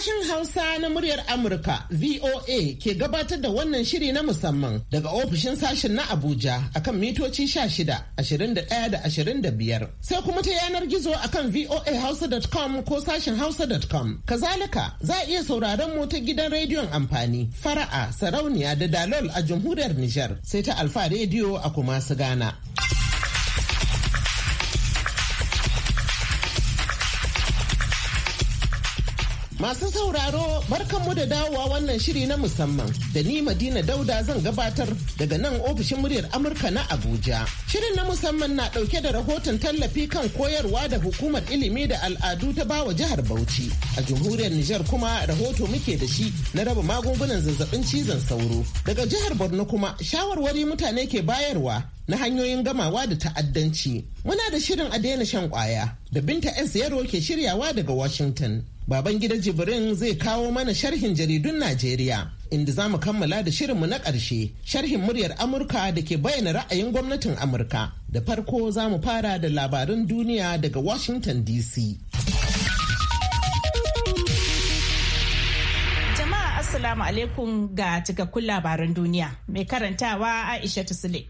Sashen Hausa na muryar Amurka VOA ke gabatar da wannan shiri na musamman daga ofishin sashen na Abuja akan mitoci 16, 21 da 25. Sai kuma ta yanar gizo akan voahausa.com ko sashen hausa.com. Kazalika za a iya sauraron mu ta gidan rediyon amfani fara'a sarauniya da dalol a jamhuriyar Nijar sai ta alfa rediyo a kuma su Gana. Masu sauraro barkanmu da dawowa wannan shiri na musamman da ni Madina Dauda zan gabatar daga nan ofishin muryar Amurka na Abuja. Shirin na musamman na dauke da rahoton tallafi kan koyarwa da hukumar ilimi da al'adu ta bawa jihar Bauchi. A jamhuriyar Nijar kuma rahoto muke da shi na raba magungunan zazzabin cizon sauro. Daga jihar Borno kuma shawarwari mutane ke bayarwa na hanyoyin gamawa da ta'addanci. Muna da shirin a daina shan kwaya da Binta S. ke shiryawa daga Washington. baban gida jibrin zai kawo mana sharhin jaridun najeriya inda za mu kammala da shirinmu na ƙarshe sharhin muryar amurka da ke bayyana ra'ayin gwamnatin amurka da farko za mu fara da labarin duniya daga washington dc jama'a assalamu alaikum ga cikakkun labaran duniya mai karantawa aisha tusile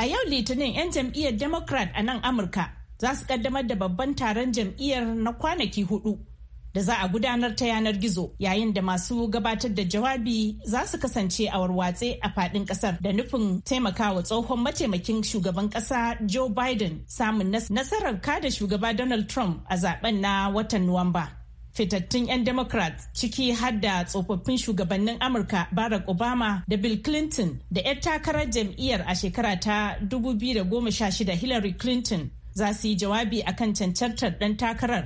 a yau litinin 'yan jam'iyyar democrat a nan amurka za su kaddamar da babban taron jam'iyyar na kwanaki hudu da za a gudanar ta yanar gizo yayin da masu gabatar da jawabi za su kasance a warwatse a fadin kasar. da nufin taimakawa tsohon mataimakin shugaban kasa Joe Biden samun nasarar kada shugaba Donald Trump a zaben na watan Nuwamba. fitattun 'yan democrats ciki hadda tsofaffin shugabannin amurka barack obama da bill clinton da 'yar takarar jam'iyyar a shekara ta 2016 hillary clinton za su yi jawabi akan cancantar ɗan takarar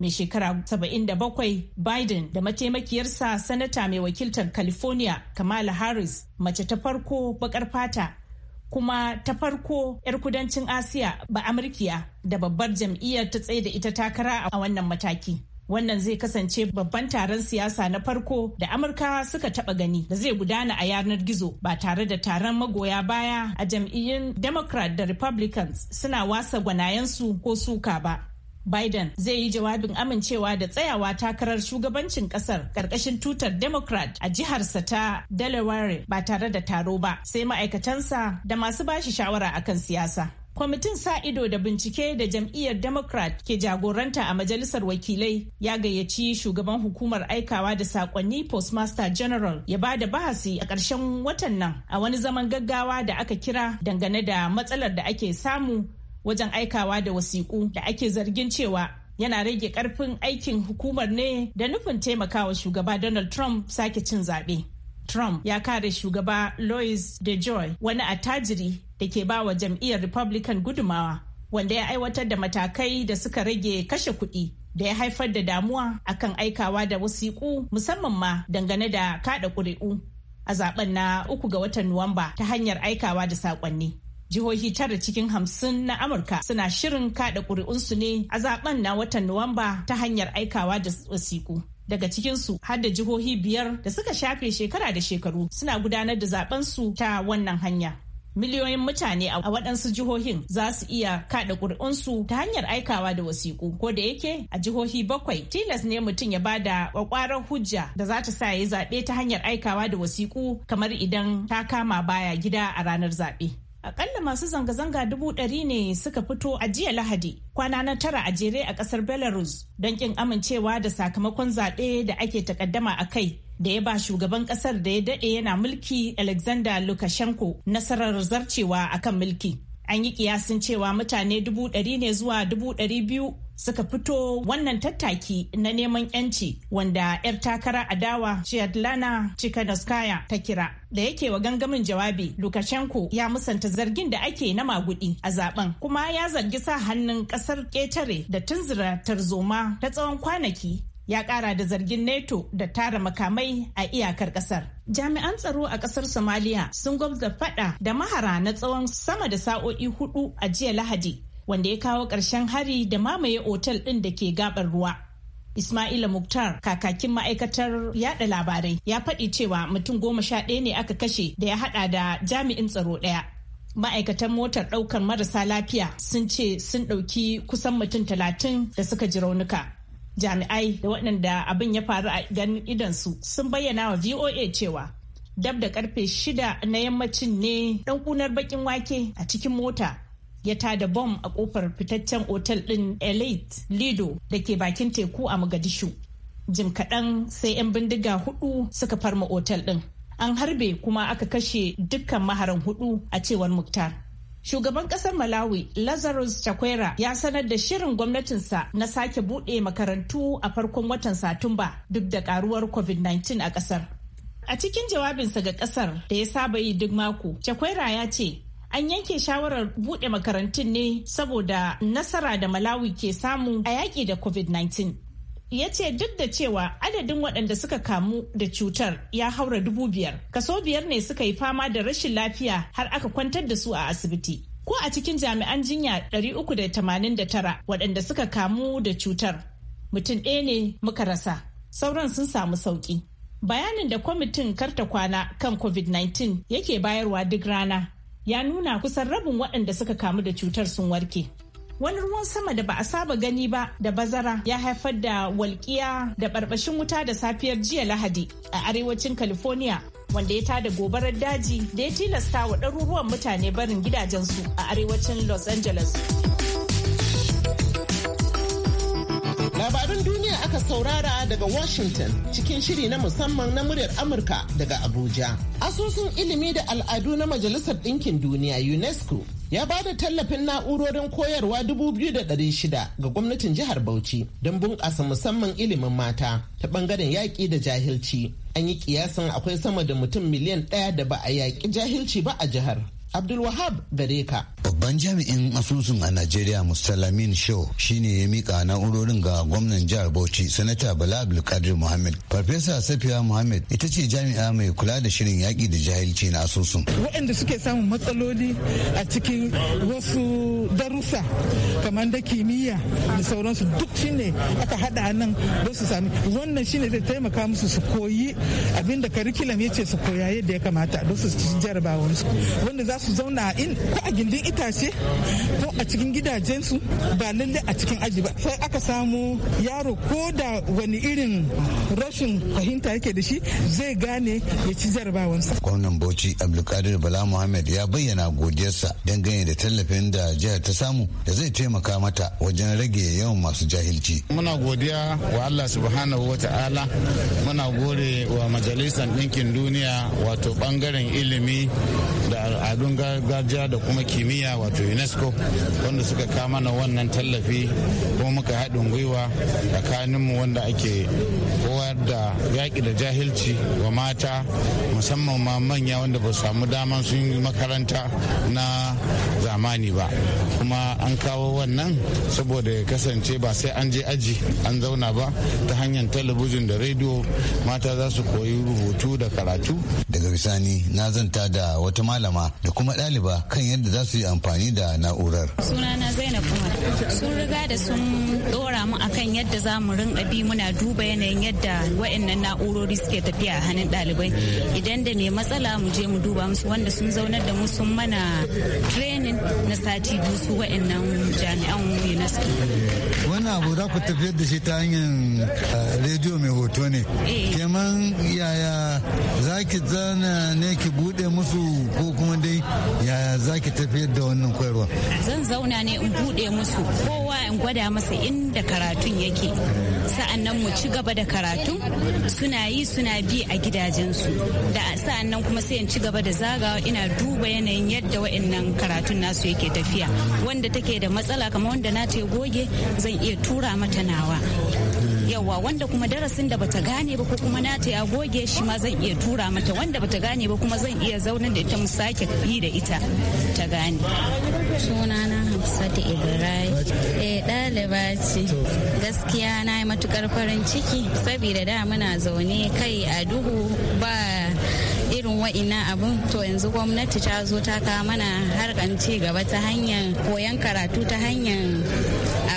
mai shekara 77 Biden da mataimakiyarsa sanata mai wakiltar California Kamala Harris mace ta farko bakar fata kuma ta farko 'yar kudancin Asiya ba Amurkiya da babbar jam'iyyar ta tsaye da ita takara a wannan mataki. wannan zai kasance babban taron siyasa na farko da Amurka suka taba gani da zai gudana a yanar gizo ba tare da taron magoya baya a jam'iyyun democrat da republicans suna wasa gwanayensu ko suka ba Biden zai yi jawabin amincewa da tsayawa takarar shugabancin kasar karkashin tutar Democrat a jiharsa ta Delaware ba tare da taro ba sai ma'aikatansa da masu bashi shawara akan siyasa. Kwamitin sa ido da bincike da jam'iyyar Democrat ke jagoranta a Majalisar Wakilai ya gayyaci shugaban hukumar aikawa da sakonni Postmaster General ya ba da bahasi a ƙarshen watan nan a wani zaman gaggawa da aka kira dangane da matsalar da ake samu wajen aikawa da wasiƙu da ake zargin cewa yana rage karfin aikin hukumar ne da nufin taimakawa shugaba Donald Trump sake cin zaɓe. Trump ya kare shugaba Louis DeJoy wani attajiri da ke ba wa jam'iyyar Republican gudumawa wanda ya aiwatar da matakai da suka rage kashe kuɗi da ya haifar da damuwa akan aikawa da wasiƙu musamman ma dangane da kaɗa ƙuri'u a zaben na uku ga watan Nuwamba ta hanyar aikawa da saƙonni. jihohi tara cikin hamsin na amurka suna shirin kada ƙuri'unsu ne a zaben na watan nuwamba ta hanyar aikawa da wasiku daga cikinsu har da jihohi biyar da suka shafe shekara da shekaru suna gudanar da zaben su ta wannan hanya miliyoyin mutane a waɗansu jihohin za su iya kada ƙuri'unsu ta hanyar aikawa da wasiku ko da yake a jihohi bakwai tilas ne mutum ya ba da ƙwaƙwarar hujja da za ta sa ya zaɓe ta hanyar aikawa da wasiku kamar idan ta kama baya gida a ranar zaɓe Akalla masu zanga-zanga dubu ɗari ne suka fito a jiya Lahadi kwana na tara a jere a ƙasar Belarus don ƙin amincewa da sakamakon zaɓe da ake takaddama a kai da ya ba shugaban ƙasar da ya daɗe yana mulki Alexander Lukashenko nasarar zarcewa akan mulki. an yi kiyasin cewa mutane dubu ɗari ne zuwa dubu ɗari biyu suka fito wannan tattaki na neman yanci wanda 'yar takara a adawa Svetlana Chikanoskaya ta kira. Da yake wa gangamin jawabi, Lukashenko ya musanta zargin da ake na magudi a zaben kuma ya zargi sa hannun kasar ƙetare da tunzura tarzoma ta tsawon kwanaki ya kara da zargin neto da tara makamai a iyakar kasar jami'an tsaro a kasar Somalia sun gwabza fada da mahara na tsawon sama da sa'o'i hudu a jiya lahadi wanda ya kawo ƙarshen hari da mamaye otal ɗin da ke gabar ruwa Ismaila Muktar kakakin ma'aikatar yada labarai ya faɗi cewa mutum goma sha ɗaya ne aka kashe da ya haɗa da jami'in tsaro ɗaya. Ma'aikatan motar ɗaukar marasa lafiya sun ce sun ɗauki kusan mutum talatin da suka ji raunuka. jami'ai da waɗanda abin ya faru a ganin idansu sun bayyana wa VOA cewa dab da karfe shida na yammacin ne ɗan kunar bakin wake a cikin mota ya tada bom a kofar fitaccen otal ɗin elite lido da ke bakin teku a mogadishu jim kaɗan sai 'yan bindiga hudu suka farma otal ɗin an harbe kuma aka kashe dukkan maharan hudu a cewar muktar Shugaban ƙasar Malawi Lazarus Chakwera ya sanar da shirin gwamnatinsa na sake buɗe makarantu a farkon watan Satumba duk da ƙaruwar COVID-19 a ƙasar. A cikin jawabinsa ga ƙasar da ya saba yi duk mako, Chakwera ya ce, An yanke shawarar buɗe makarantun ne saboda nasara da Malawi ke samu a yaƙi da COVID-19. ya ce duk da cewa adadin waɗanda suka kamu da cutar ya haura dubu biyar kaso biyar ne suka yi fama da rashin lafiya har aka kwantar da su a asibiti ko a cikin jami'an jinya 389 waɗanda suka kamu da cutar mutum ɗaya ne muka rasa sauran sun samu sauƙi bayanin da kwamitin karta kwana kan covid-19 yake bayarwa duk rana ya nuna kusan rabin waɗanda suka kamu da cutar sun warke. wani ruwan sama da ba a saba gani ba da bazara ya haifar da walƙiya da barbashin wuta da safiyar jiya lahadi a arewacin california wanda ya tada gobarar daji da ya tilasta wa ɗaruruwan mutane barin gidajensu a arewacin los angeles aka saurara daga Washington cikin shiri na musamman na muryar Amurka daga Abuja. Asusun ilimi da al'adu na Majalisar Ɗinkin Duniya UNESCO ya ba da tallafin na'urorin koyarwa 2,600 ga gwamnatin jihar Bauchi don bunƙasa musamman ilimin mata ta ɓangaren yaƙi da jahilci. An yi kiyasin akwai sama da mutum miliyan ɗaya da ba a yaƙi jahilci ba a jihar. Abdulwahab Gareka. Babban jami'in asusun a Najeriya Mustalamin Show shine ya mika na'urorin ga gwamnan jihar Bauchi Sanata Bala Abdulkadir Muhammad. Farfesa Safiya Muhammad ita ce jami'a mai kula da shirin yaƙi da jahilci na asusun. Waɗanda suke samun matsaloli a cikin wasu darussa kamar da kimiyya da sauransu duk shine aka haɗa nan don su sami wannan shine zai taimaka musu su koyi abinda karikulam ya ce su koya yadda ya kamata don su jarabawa wanda za su zauna in ko a gindin itace ko a cikin gidajensu ba lalle a cikin aji ba sai aka samu yaro ko da wani irin rashin fahimta yake da shi zai gane ya ci jarabawansa. gwamnan bauchi abdulkadir bala muhammad ya bayyana godiyarsa dangane da tallafin da jihar ta samu da zai taimaka mata wajen rage yawan masu jahilci. muna godiya wa allah subhanahu wa ta'ala muna gode wa majalisar ɗinkin duniya wato ɓangaren ilimi da al'adun al'adun gargajiya da kuma kimiyya wato unesco wanda suka kama na wannan tallafi kuma muka haɗin gwiwa tsakaninmu wanda ake kowar da yaƙi da jahilci wa mata musamman ma manya wanda ba samu daman sun yi makaranta na zamani ba kuma an kawo wannan saboda ya kasance ba sai an je aji an zauna ba ta hanyar talabijin da rediyo mata za su koyi rubutu da karatu daga bisani na zanta da wata malama da kuma ɗaliba kan yadda za su yi amfani da na'urar. Sunana Zainab Umar. Sun riga da sun ɗora mu akan yadda za mu rinka bi muna duba yanayin yadda wa'annan na'urori suke tafiya a hannun ɗalibai. Idan da mai matsala mu je mu duba musu wanda sun zaunar da mu sun mana training na sati biyu su wa'annan jami'an UNESCO. Wannan abu za ku tafiyar da shi ta hanyar eh, rediyo mai hoto ne. Eh. Keman yaya za ki zana ne ki buɗe musu ko kuma dai yaya za ki tafiyar da wannan koyarwa zan zauna ne in bude musu kowa in gwada masa inda karatun yake sa'annan mu ci gaba da karatun suna yi suna bi a gidajensu da sa'annan kuma sai in ci gaba da zagawa ina duba yanayin yadda wa'annan karatun nasu yake tafiya wanda take da matsala kamar wanda na ce goge zan iya tura mata nawa yawa wanda kuma darasin da bata gane ba ko kuma nata ya goge shi ma zan iya tura mata wanda bata gane ba kuma zan iya zaunar da ita mu sake yi da ita ta gane sunana hamsatu Ibrahim eh ɗaliba ce gaskiya na yi matukar farin ciki saboda da muna zaune kai a duhu ba irin wa'ina abun to yanzu gwamnati ta zo ta kawo mana harkan ci gaba ta hanyar koyon karatu ta hanyar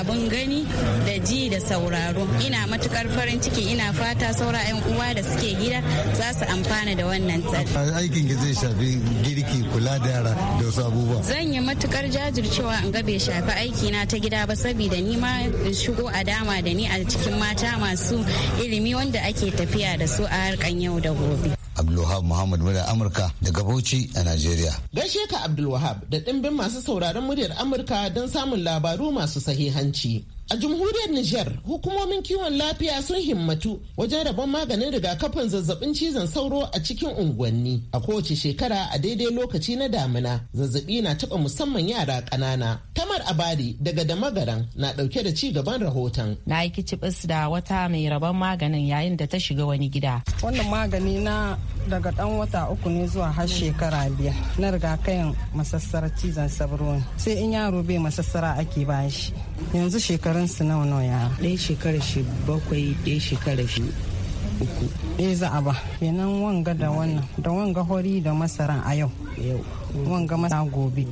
abin gani da ji da sauraro ina matukar farin ciki ina fata saura 'yan uwa da suke gida za su amfana da wannan tsari aikin ki zai shafi girki kula da yara da wasu abubuwa zan yi matukar jajircewa in ga bai shafi aiki na ta gida ba saboda ni ma in shigo a dama da ni a cikin mata masu ilimi wanda ake tafiya da su a harkan yau da gobe Abdulwahab Muhammad muryar Amurka daga Bauchi a Najeriya. Gaishe ka Abdulwahab da ɗimbin masu sauraron muryar Amurka don samun labaru masu sahihanci. A jamhuriyar Nijar, hukumomin kiwon lafiya sun himmatu wajen rabon maganin rigakafin zazzabin cizon sauro a cikin unguwanni. A kowace shekara a daidai lokaci na damina, zazzabi na taɓa musamman yara ƙanana. Tamar Abari daga Damagaran na ɗauke da ci gaban rahoton. Na yi kicibis da wata mai rabon maganin yayin da ta shiga wani gida. Wannan magani na daga dan wata uku ne zuwa har shekara biyar na riga-kai, kayan masassara cizon sabro sai in yaro bai masassara ake bashi. yanzu shekarun su nawa nawa ya ɗaya shekara shi bakwai ɗaya shekara shi uku ɗaya eh, za a ba kenan wanga da wannan da wanga hori da masara a yau wanga masa gobe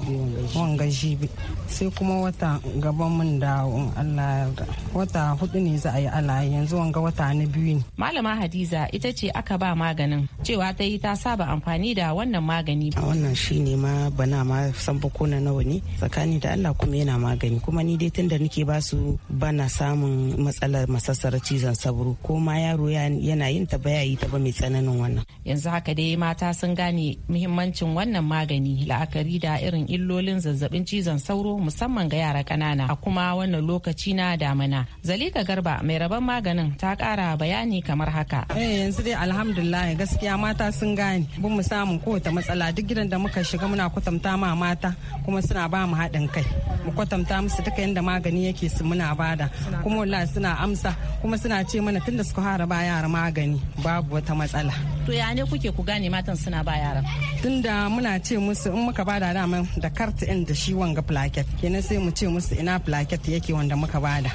wanga jibi sai kuma wata gaban mun dawo in Allah yarda wata hudu ne za a yi ala yanzu wanga wata na biyu ne malama hadiza ita ce aka ba maganin cewa ta yi ta saba amfani da wannan magani a wannan shine ma bana ma san ba kona nawa ne tsakani da Allah kuma yana magani kuma ni dai tunda nake ba su bana samun matsalar masassar cizon sabro ko ma yaro yana yin ta baya yi ta ba mai tsananin wannan yanzu haka dai mata sun gane muhimmancin wannan magani la'akari da irin illolin zazzabin cizon sauro musamman ga yara kanana a kuma wannan lokaci na damana Zalika Garba mai rabon maganin ta kara bayani kamar haka. Eh yanzu dai alhamdulillah gaskiya mata sun gane bin mu samu kowace matsala duk gidan da muka shiga muna kwatanta ma mata kuma suna ba mu haɗin kai mu kwatanta musu duka yanda magani yake su muna bada kuma wallahi suna amsa kuma suna ce mana tunda suka fara ba yara magani babu wata matsala. To ya ne kuke ku gane matan suna ba yara? Tunda muna ce musu su in muka bada dama da kart in da shi wanga plaket kenan sai mu ce musu ina plaket yake wanda muka bada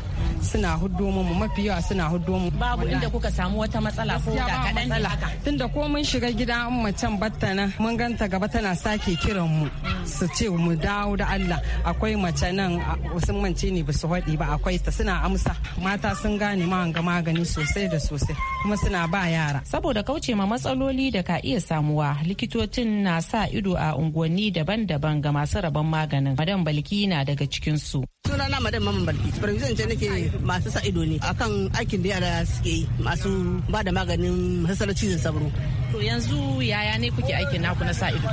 suna huddo mu mafi yawa suna huddo mu babu inda kuka samu wata matsala ko da kadan ne haka tunda ko mun shiga gida an macen battana mun ganta gaba tana sake kiran mu su ce mu dawo da Allah akwai mace nan sun mance ne bisu haɗi ba akwai ta suna amsa mata sun gane ma ga magani sosai da sosai kuma suna ba yara saboda kauce ma matsaloli da ka iya samuwa likitocin na sa ido a unguwa unguwanni daban-daban ga masu rabon maganin. Madan Balki na daga cikinsu. Sunana Madan Maman Balki, ce nake masu sa ido ne akan aikin da yara suke yi masu ba da maganin masasarar cizon sabro. To yanzu yaya ne kuke aikin naku na sa ido?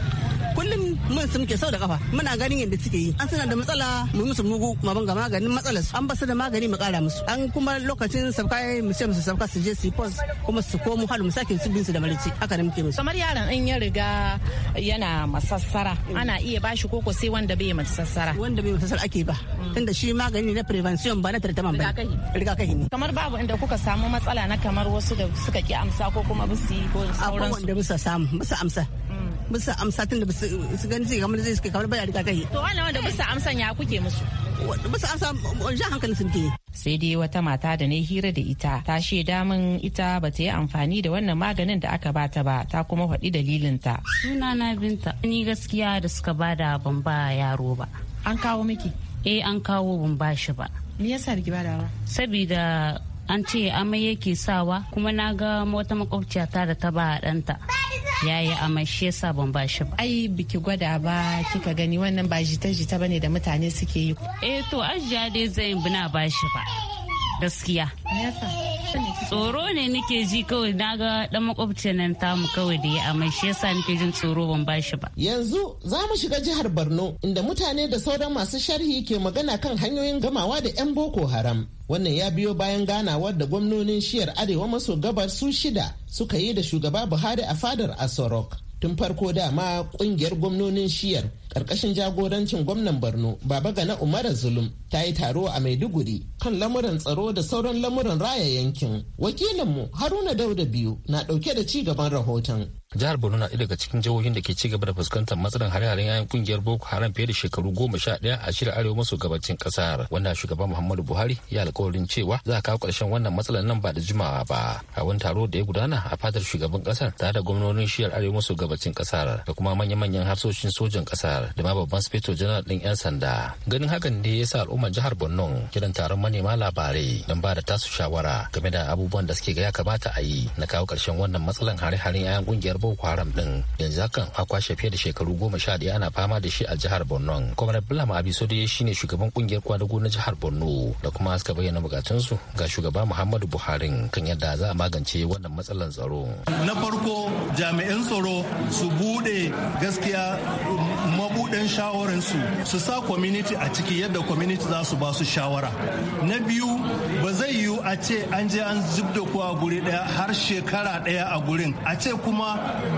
kullum mun sun ke sau da kafa muna ganin yadda suke yi an suna da matsala mu musu mugu ma ban ga maganin matsalar su an basu da magani mu kara musu an kuma lokacin sabka mu ce musu sabka su je su pos kuma su komo hal mu sake su bin su da marici haka ne muke musu kamar yaron in ya riga yana masassara mm. ana iya bashi koko sai wanda bai masassara wanda bai masassara ake ba mm. tunda shi magani na prevention ba na treatment ba rigakafi ne kamar babu inda kuka samu matsala na kamar wasu da suka ki amsa ko kuma bisi ko sauransu akwai da bisa samu bisa amsa musu amsa tun da su gani zai kamar zai suke kamar bai riga kai to wannan wanda musu amsa ya kuke musu musu amsa jan hankalin sun ke sai dai wata mata da na hira da ita ta shaida min ita ba ta yi amfani da wannan maganin da aka bata ba ta kuma faɗi dalilinta suna na binta ni gaskiya da suka bada ban ba yaro ba an kawo miki eh an kawo ban ba shi ba me yasa da ki da ba saboda an ce amai yake sawa kuma na ga wata ta da ta ba ɗanta ya yi amai shi yasa ban ba shi ba ai biki gwada ba kika gani wannan ba jita-jita bane da mutane suke yi eh to ajiya dai zai bina ba shi ba gaskiya tsoro ne nake ji kawai na ga dan makwabci nan tamu kawai da ya amai shi yasa nake jin tsoro ban bashi ba yanzu za mu shiga jihar borno inda mutane da sauran masu sharhi ke magana kan hanyoyin gamawa da 'yan boko haram wannan ya biyo bayan ganawar da gwamnonin shiyar arewa maso gabar su shida suka yi da shugaba buhari a fadar asorok tun farko dama kungiyar gwamnonin shiyar ƙarƙashin jagorancin gwamnan borno baba gana umar zulum ta yi taro a maiduguri kan lamuran tsaro da sauran lamuran raya yankin wakilinmu haruna dauda biyu na ɗauke da ci gaban rahoton jihar borno na daga cikin jihohin da ke ci gaba da fuskantar matsalar hare-haren yayin kungiyar boko haram fiye da shekaru goma sha ɗaya a shirin arewa maso gabacin kasar wanda shugaban muhammadu buhari ya alkawarin cewa za a kawo ƙarshen wannan matsalar nan ba da jimawa ba a wani taro da ya gudana a fadar shugaban ƙasar tare da gwamnonin shiyar arewa maso gabacin kasar da kuma manya-manyan harsoshin sojan kasar jihar da ma babban sifeto janar din 'yan sanda ganin hakan ne ya sa al'ummar jihar borno kiran taron manema labarai don ba da tasu shawara game da abubuwan da suke ga ya kamata a yi na kawo karshen wannan matsalan hare-haren 'ya'yan kungiyar boko haram din yanzu hakan a kwashe fiye da shekaru goma sha ɗaya ana fama da shi a jihar borno kwamar bilam shi shine shugaban kungiyar kwadago na jihar borno da kuma suka bayyana bukatunsu ga shugaba muhammadu buhari kan yadda za a magance wannan matsalan tsaro na farko jami'an tsaro su bude gaskiya kudaden shawararsu su sa community a ciki yadda community za su ba su shawara na biyu ba zai yiwu a ce an je an zub da ku guri daya har shekara daya a gurin a ce kuma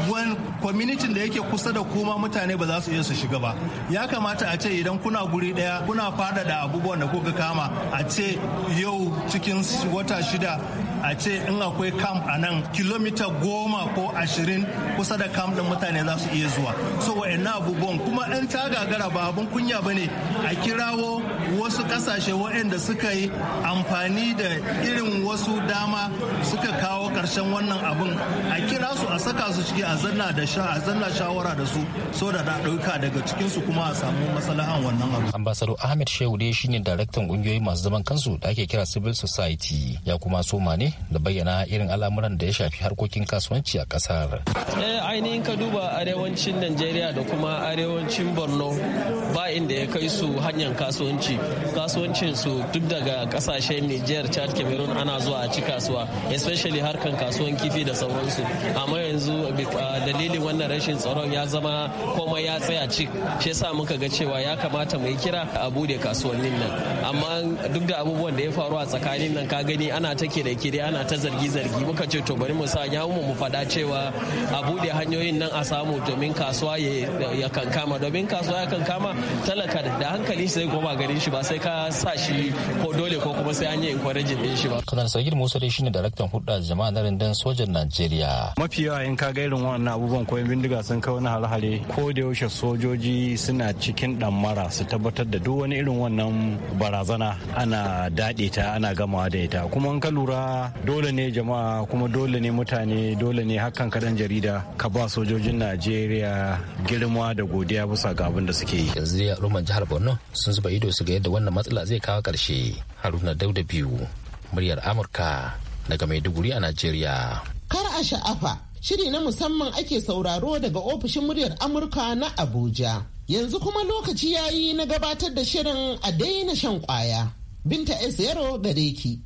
wani community da yake kusa da kuma mutane ba za su iya su shiga ba ya kamata a ce idan kuna guri daya kuna da abubuwan da kuka kama a ce yau cikin wata shida a ce in akwai camp a nan kilomita goma ko ashirin kusa da camp ɗin mutane za su iya zuwa so wa'annan abubuwan kuma in idan ta gagara ba abin kunya ba ne a kirawo wasu kasashe waɗanda suka yi amfani da irin wasu dama suka kawo ƙarshen wannan abin a kira su a saka su ciki a zanna da sha a zanna shawara da su so da ɗauka daga cikin su kuma a samu masalahan wannan abu. ambasado ahmed shehu dai shine daraktan ƙungiyoyi masu zaman kansu da ake kira civil society ya kuma soma ne da bayyana irin al'amuran da ya shafi harkokin kasuwanci a ƙasar. Eh, ainihin ka duba arewacin najeriya da kuma arewacin borno ba inda ya kai su hanyar kasuwanci kasuwancin su duk daga kasashen niger chad cameroon ana zuwa a ci kasuwa especially harkan kasuwan kifi da sauransu amma yanzu dalilin wannan rashin tsaron ya zama komai ya tsaya ci shi yasa muka ga cewa ya kamata mu yi kira a bude kasuwannin nan amma duk da abubuwan da ya faru a tsakanin nan ka gani ana ta kire kire ana ta zargi zargi muka ce to bari mu sa ya mu fada cewa a bude hanyoyin nan a samu domin kasuwa ya kankama abin kasuwa yakan kama talaka da hankali sai koma garin shi ba sai ka sa shi ko dole ko kuma sai an yi encouraging din shi ba. Kanar Sagir Musa dai shine daraktan hudda jama'a na rundunar sojan Najeriya. Mafi yawa in ka ga irin wannan abubuwan ko bindiga sun kai wani hare ko da yaushe sojoji suna cikin damara su tabbatar da duk wani irin wannan barazana ana daɗe ta ana gamawa da ita kuma in ka lura dole ne jama'a kuma dole ne mutane dole ne hakan kadan jarida ka ba sojojin Najeriya girma da godiya bisa kasa ga abin da suke yi yanzu dai al'umman jihar borno sun zuba ido su ga yadda wannan matsala zai kawo ƙarshe haruna dauda biyu muryar amurka daga maiduguri a najeriya kar a sha'afa shiri na musamman ake sauraro daga ofishin muryar amurka na abuja yanzu kuma lokaci ya yi na gabatar da shirin a daina shan kwaya binta s yaro gare ki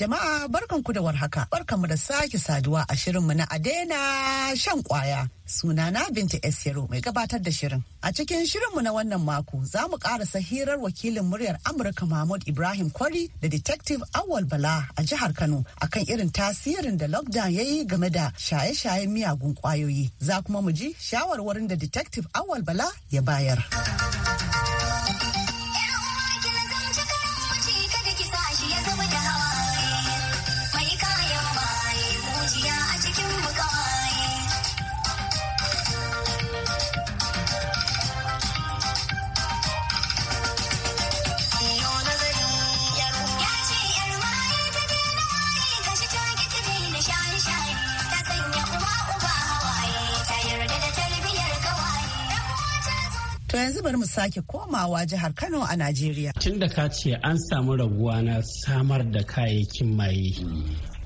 Jama'a barkanku da warhaka, barkanmu da sake saduwa a shirinmu na Adena shan kwaya. na Binta Esiro mai gabatar da shirin. A cikin shirin mu na wannan mako za mu karasa hirar wakilin muryar Amurka Mahmud Ibrahim Kwari da Detective Awal Bala a jihar Kano akan irin tasirin da lockdown ya yi game da shaye-shayen miyagun kwayoyi. Za kuma mu ji shawarwarin da Detective Awal Bala ya bayar. yanzu bari mu sake komawa jihar Kano a Najeriya. Tun da ka ce an samu raguwa na samar da kayayyakin maye.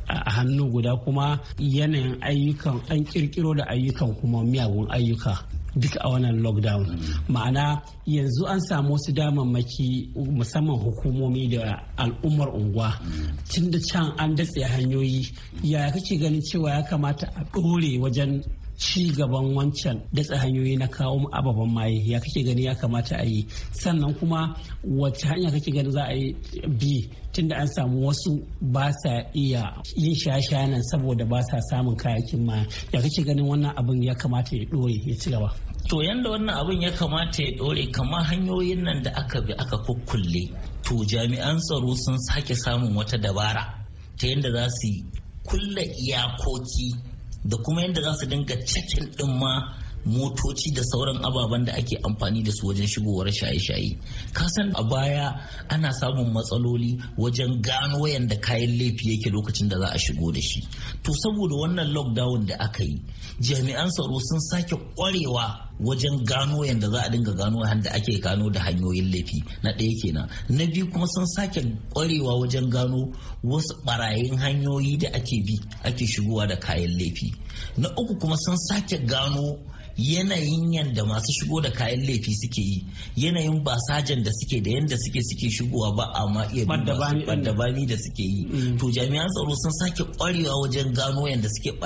a hannu guda kuma yanayin ayyukan an kirkiro da ayyukan kuma miyagun ayyuka duk a wannan lockdown ma'ana yanzu an samu wasu damammaki musamman hukumomi da al'ummar unguwa tun da can an datse hanyoyi ya kake ganin cewa ya kamata a ɗore wajen ci gaban wancan datse hanyoyi na kawo ababen maye ya kake gani ya kamata a yi sannan kuma wacce hanya kake gani za a yi bi tunda an samu wasu ba sa iya yin shashanan saboda ba sa samun kayakin ma ya kake ganin wannan abin ya kamata ya dore ya ci gaba to yanda wannan abin ya kamata ya dore kamar hanyoyin nan da aka bi aka kukkulle to jami'an tsaro sun sake samun wata dabara ta yadda za su kulle iyakoki da kuma yadda za su dinga cikin din ma motoci da sauran ababen da ake amfani da su wajen shigowar shaye-shaye kasan a baya ana samun matsaloli wajen gano yadda kayan laifi yake lokacin da za a shigo da shi to saboda wannan lockdown da aka yi jami'an tsaro sun sake kwarewa wajen gano yadda za a dinga gano da ake gano da hanyoyin laifi na ɗaya kenan na biyu kuma sun sake ƙwarewa wajen gano wasu ɓarayin hanyoyi da ake bi ake shigowa da kayan laifi na uku kuma sun sake gano yanayin yadda masu shigo da kayan laifi suke yi yanayin basajen da suke da yadda suke suke shigowa ba a ma iya baddabami da suke yi mm. to jami'an tsaro sun sake kwarewa wajen gano yadda suke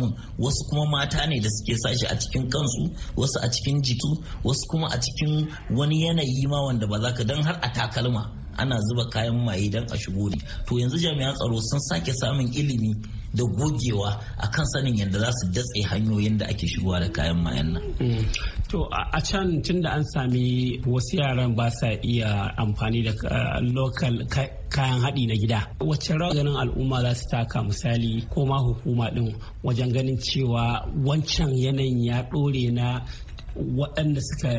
min wasu kuma mata ne da suke sashi a cikin kansu wasu a cikin jiki wasu kuma a cikin wani yanayi ma wanda ba za ka dan har a takalma ana zuba kayan maye don a shigo to yanzu jami'an tsaro sun sake samun ilimi da gogewa a kan sanin yadda za su datse hanyoyin da ake shigowa da kayan mayan nan. To a can tun da an sami wasu yaran ba sa iya amfani da local kayan haɗi na gida. Wacce rawa ganin al'umma za su taka misali ko ma hukuma ɗin wajen ganin cewa wancan yanayin ya ɗore na waɗanda suka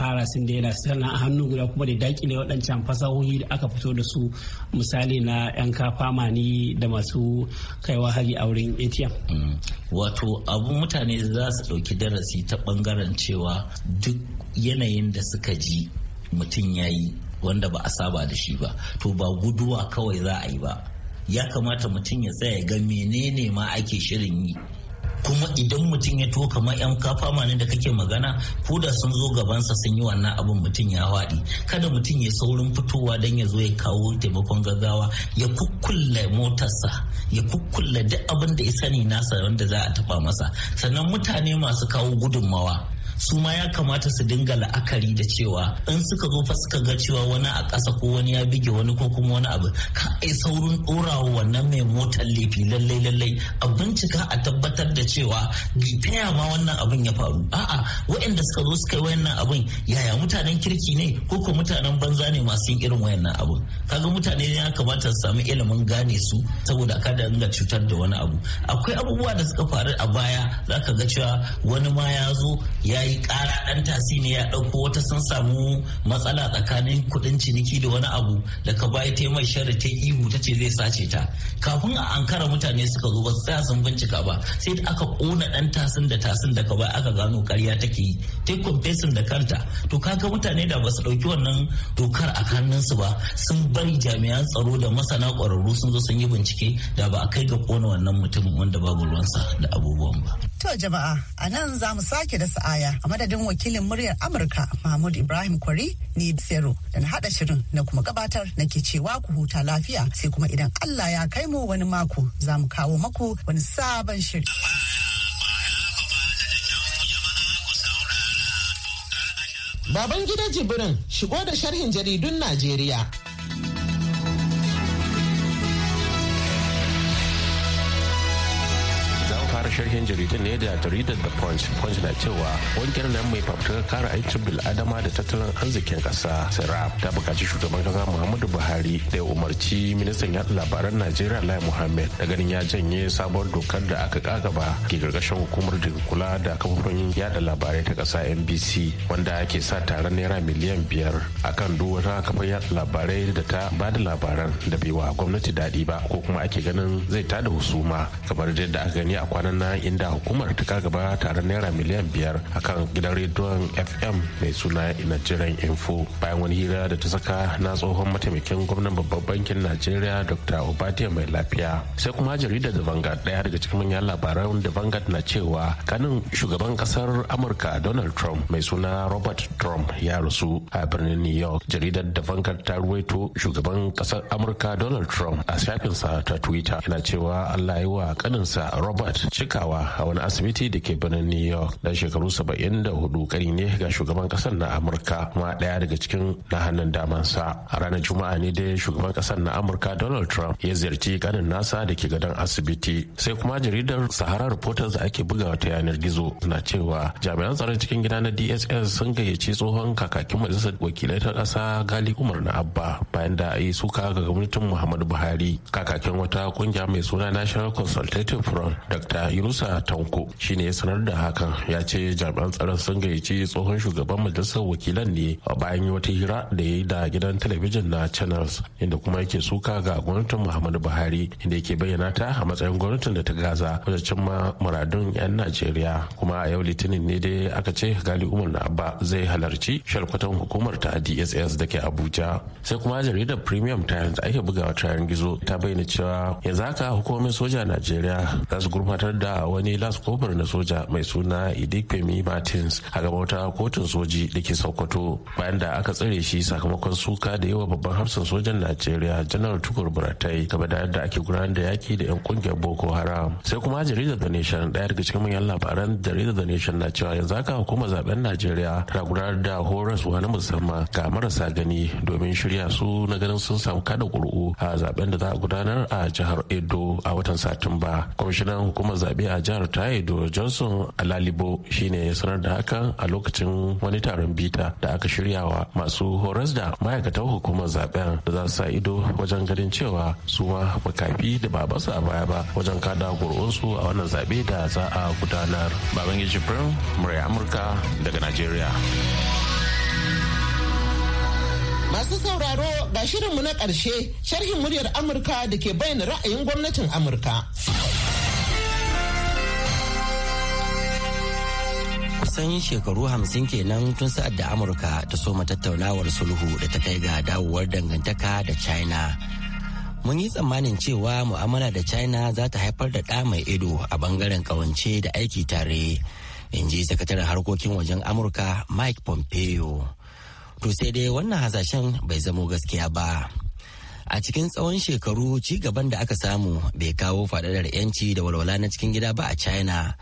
fara sun yana sana a hannu guda kuma da dakile waɗancan fasahohi da aka fito da su misali na 'yan kafama ni da masu kaiwa hari a wurin atm mm. wato abu mutane za su ɗauki darasi ta ɓangaren cewa duk yanayin da suka ji mutum ya yi wanda ba a saba da shi ba to ba guduwa kawai za a yi ba ya kamata mutum ya tsaya ga menene ma ake shirin yi kuma idan mutum ya to kamar yan kafama ne da kake magana ko da sun zo gabansa sun yi wannan abin mutum ya haɗi kada mutum ya saurin fitowa don ya zo ya kawo taimakon gaggawa ya kukkulla motarsa ya kukkulla duk abin da ya sani nasa wanda za a tafa masa sannan mutane masu kawo gudunmawa su ma ya kamata su dinga la'akari da cewa in suka zo fa suka ga cewa wani a ƙasa ko wani ya bige wani ko kuma wani abu ka ai saurin ɗorawa wannan mai motar laifi lallai lallai a bincika a tabbatar da cewa ta ma wannan abin ya faru a'a waɗanda suka zo suka yi wannan abin yaya mutanen kirki ne ko ko mutanen banza ne masu yin irin wannan abin kaga mutane ne ya kamata su sami ilimin gane su saboda kada dinga cutar da wani abu akwai abubuwa da suka faru a baya zaka ga cewa wani ma ya zo ya yi kara dan tasi ne ya dauko wata sun samu matsala tsakanin kudin ciniki da wani abu da ka bai ta mai sharri ta ihu ta ce zai sace ta kafin a ankara mutane suka zo ba tsaya sun bincika ba sai da aka kona dan tasin da tasin da ka bai aka gano karya take yi ta confessing da kanta to kaga mutane da basu su dauki wannan dokar a hannunsu ba sun bari jami'an tsaro da masana kwararru sun zo sun yi bincike da ba a kai ga kona wannan mutum wanda babu ruwansa da abubuwan ba. To jama'a a nan za mu sake da sa'aya a madadin wakilin muryar Amurka Mahmud Ibrahim Kwari ni Sero da na hada shirin na kuma gabatar nake cewa ku huta lafiya sai kuma idan Allah ya kai mu wani mako za mu kawo maku wani sabon shiri. Baban gida jibirin shigo da sharhin jaridun Najeriya. sharhin jaridu ne da jaridar da punch punch na cewa ƙungiyar nan mai fafutukar kare aikin bil'adama da tattalin arzikin kasa sirap ta bukaci shugaban kasa muhammadu buhari da ya umarci ministan yaɗa labaran najeriya lai muhammed da ganin ya janye sabon dokar da aka kagaba ke gargashin hukumar da kula da kafofin yada labarai ta kasa nbc wanda ake sa taron naira miliyan biyar akan duk wata kafar yada labarai da ta ba da labaran da bai wa gwamnati daɗi ba ko kuma ake ganin zai tada husuma kamar yadda aka gani a kwanan inda hukumar ta gaba tare naira miliyan biyar akan gidan rediyon fm mai suna nigerian info bayan wani hira da ta saka na tsohon mataimakin gwamnan babban bankin nigeria dr obadiya mai lafiya sai kuma jaridar da vanguard daya daga cikin manyan labaran da vanguard na cewa kanin shugaban kasar amurka donald trump mai suna robert trump ya rasu a birnin new york jaridar da vanguard ta ruwaito shugaban kasar amurka donald trump a shafinsa ta twitter yana cewa allah yi wa kaninsa robert cika cikawa a wani asibiti da ke birnin new york dan shekaru saba'in da hudu kari ne ga shugaban kasar na amurka kuma daya daga cikin na hannun damansa a ranar juma'a ne dai shugaban kasar na amurka donald trump ya ziyarci kanin nasa da ke gadon asibiti sai kuma jaridar sahara reporters da ake bugawa ta yanar gizo na cewa jami'an tsaron cikin gida na dss sun gayyaci tsohon kakakin majalisar wakilai ta kasa gali umar na abba bayan da yi suka ga gwamnatin muhammadu buhari kakakin wata kungiya mai suna national consultative front dr musa tanko ne ya sanar da hakan ya ce jami'an tsaron sun gayyaci tsohon shugaban majalisar wakilan ne a bayan wata hira da ya yi da gidan talabijin na channels inda kuma yake suka ga gwamnatin muhammadu buhari inda yake bayyana ta a matsayin gwamnatin da ta gaza wajen cimma muradun 'yan najeriya kuma a yau litinin ne dai aka ce gali umar na abba zai halarci shalkwatan hukumar ta dss da ke abuja sai kuma jaridar premium times ake bugawa ta gizo ta bayyana cewa yanzu haka hukumomin soja najeriya za su gurfatar da A wani laskofar na soja mai suna idikpemi martins a gaban wata kotun soji da ke sokoto bayan da aka tsare shi sakamakon suka da yawa babban hafsan sojan najeriya janar tukur buratai game da yadda ake gudanar da yaki da 'yan kungiyar boko haram sai kuma jaridar the nation daya daga cikin manyan labaran jaridar the nation na cewa yanzu haka hukumar zaben najeriya na gudanar da horaswa na musamman ga marasa gani domin shirya su na ganin sun samu kada ƙuri'u a zaben da za a gudanar a jihar edo a watan satumba kwamishinan hukumar zaben. zaɓe a jihar Taido Johnson a lalibo shine ya sanar da hakan a lokacin wani taron bita da aka shirya wa masu horas da ma'aikatan hukumar zaben da za su sa ido wajen ganin cewa su ma makafi da ba a baya ba wajen kada su a wannan zaɓe da za a gudanar. Babangiji Brown, murai Amurka daga nigeria. Masu sauraro ga shirinmu na ƙarshe sharhin muryar Amurka da ke bayyana ra'ayin gwamnatin Amurka. kusan shekaru hamsin kenan tun sa'ad da amurka ta soma tattaunawar sulhu da ta kai ga dawowar dangantaka da china mun yi tsammanin cewa mu'amala da china za ta haifar da ɗa mai ido a bangaren ƙawance da aiki tare in ji sakataren harkokin wajen amurka mike pompeo to sai dai wannan hasashen bai zamo gaskiya ba a cikin tsawon shekaru ci gaban da aka samu bai kawo faɗaɗar 'yanci da walwala na cikin gida ba a china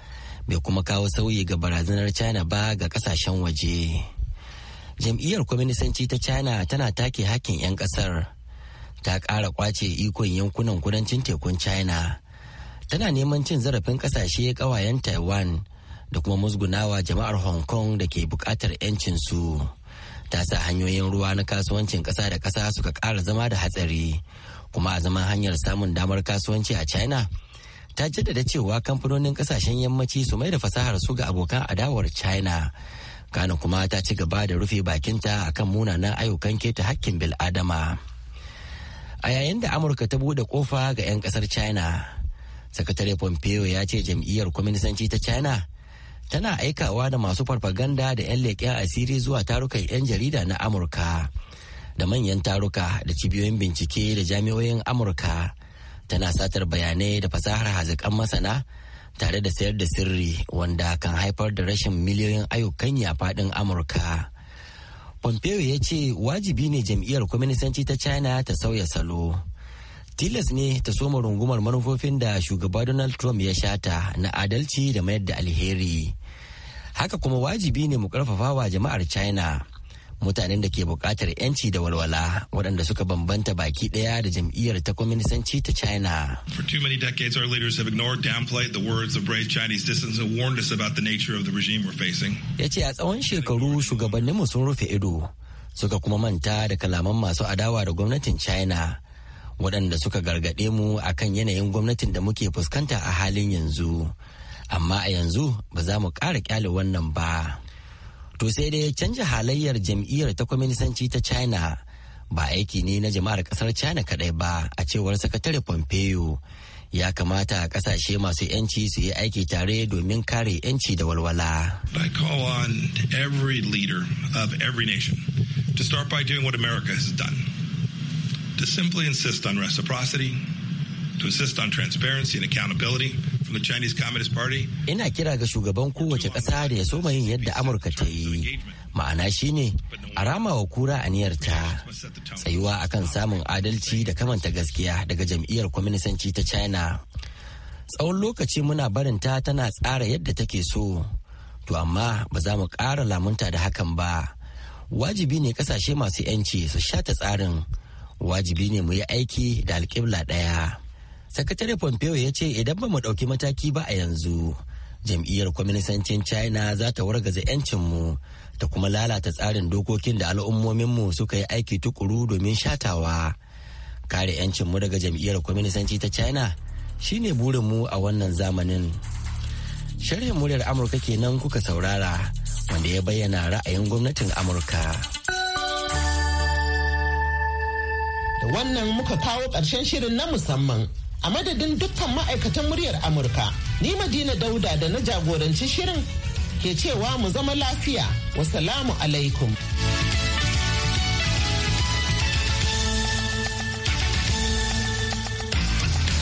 bai kuma kawo sauyi ga barazanar china ba ga kasashen waje jam'iyyar kwaminisanci ta china tana take hakkin 'yan kasar ta ƙara kwace ikon yankunan kudancin tekun china tana neman cin zarafin kasashe ƙawayen taiwan da kuma musgunawa jama'ar hong kong da ke buƙatar su ta sa hanyoyin ruwa na kasuwancin ƙasa da ƙasa suka ƙara zama da hatsari kuma a zama hanyar samun damar kasuwanci a china ta jaddada cewa kamfanonin kasashen yammaci su mai da fasahar su ga abokan adawar china kana kuma ta ci gaba da rufe bakinta a kan munanan ayyukan keta hakkin bil'adama a yayin da amurka ta bude kofa ga 'yan kasar china sakatare pompeo ya ce jam'iyyar kwaminisanci ta china tana aikawa da masu farfaganda da 'yan leƙen asiri zuwa tarukan 'yan jarida na amurka da manyan taruka da cibiyoyin bincike da jami'oyin amurka tana satar bayanai da fasahar hazikan masana tare da sayar da sirri wanda kan haifar da rashin miliyoyin ayyukan ya faɗin amurka pompeo ya ce wajibi ne jam'iyyar kwaminisanci ta china ta sauya salo tilas ne ta soma rungumar manufofin da shugaba donald trump ya shata na adalci da mayar da alheri haka kuma wajibi ne mu karfafa wa jama'ar china mutanen da ke bukatar 'yanci da walwala waɗanda suka bambanta baki ɗaya da jam'iyyar ta kwaminisanci ta china for too many decades our leaders have ignored downplayed the words of brave chinese citizens and warned us about the nature of the regime we're facing yace a tsawon shekaru shugabannin mu sun rufe ido suka kuma manta da kalaman masu adawa da gwamnatin china waɗanda suka gargaɗe mu akan yanayin gwamnatin da muke fuskanta a halin yanzu amma a yanzu ba za mu ƙara ƙyale wannan ba To sai dai canja halayyar jam'iyyar ta kwaminisanci ta China ba aiki ne na jama'ar kasar China kadai ba a cewar sakatare Pompeo. Ya kamata kasashe masu yanci su yi aiki tare domin kare yanci da walwala. I call on every leader of every nation to start by doing what America has done. To simply insist on reciprocity, to insist on transparency and accountability, Ina kira ga shugaban kowace ƙasa da ya soma yin yadda Amurka ta yi. Ma'ana shine a rama wa kura aniyarta tsayuwa akan samun adalci da kamanta gaskiya daga jam'iyyar kwaminisanci ta China. Tsawon lokaci muna barin ta tana tsara yadda take so. To amma ba za mu ƙara lamunta da hakan ba. Wajibi ne kasashe masu 'yanci su shata tsarin. Wajibi ne mu yi aiki da alƙibla ɗaya. sakatare pompeo ya ce idan ba mu ɗauki mataki ba a yanzu jam'iyyar kwaminisancin china za ta wargaza 'yancinmu ta kuma lalata tsarin dokokin da al'ummominmu suka yi aiki tukuru domin shatawa kare 'yancinmu daga jam'iyyar kwaminisanci ta china shine burinmu a wannan zamanin sharhin muryar amurka kenan kuka saurara wanda ya bayyana ra'ayin gwamnatin amurka. da wannan muka kawo ƙarshen shirin na musamman a madadin dukkan ma'aikatan muryar amurka ni madina dauda da na jagoranci shirin ke cewa mu zama lafiya wasalamu alaikum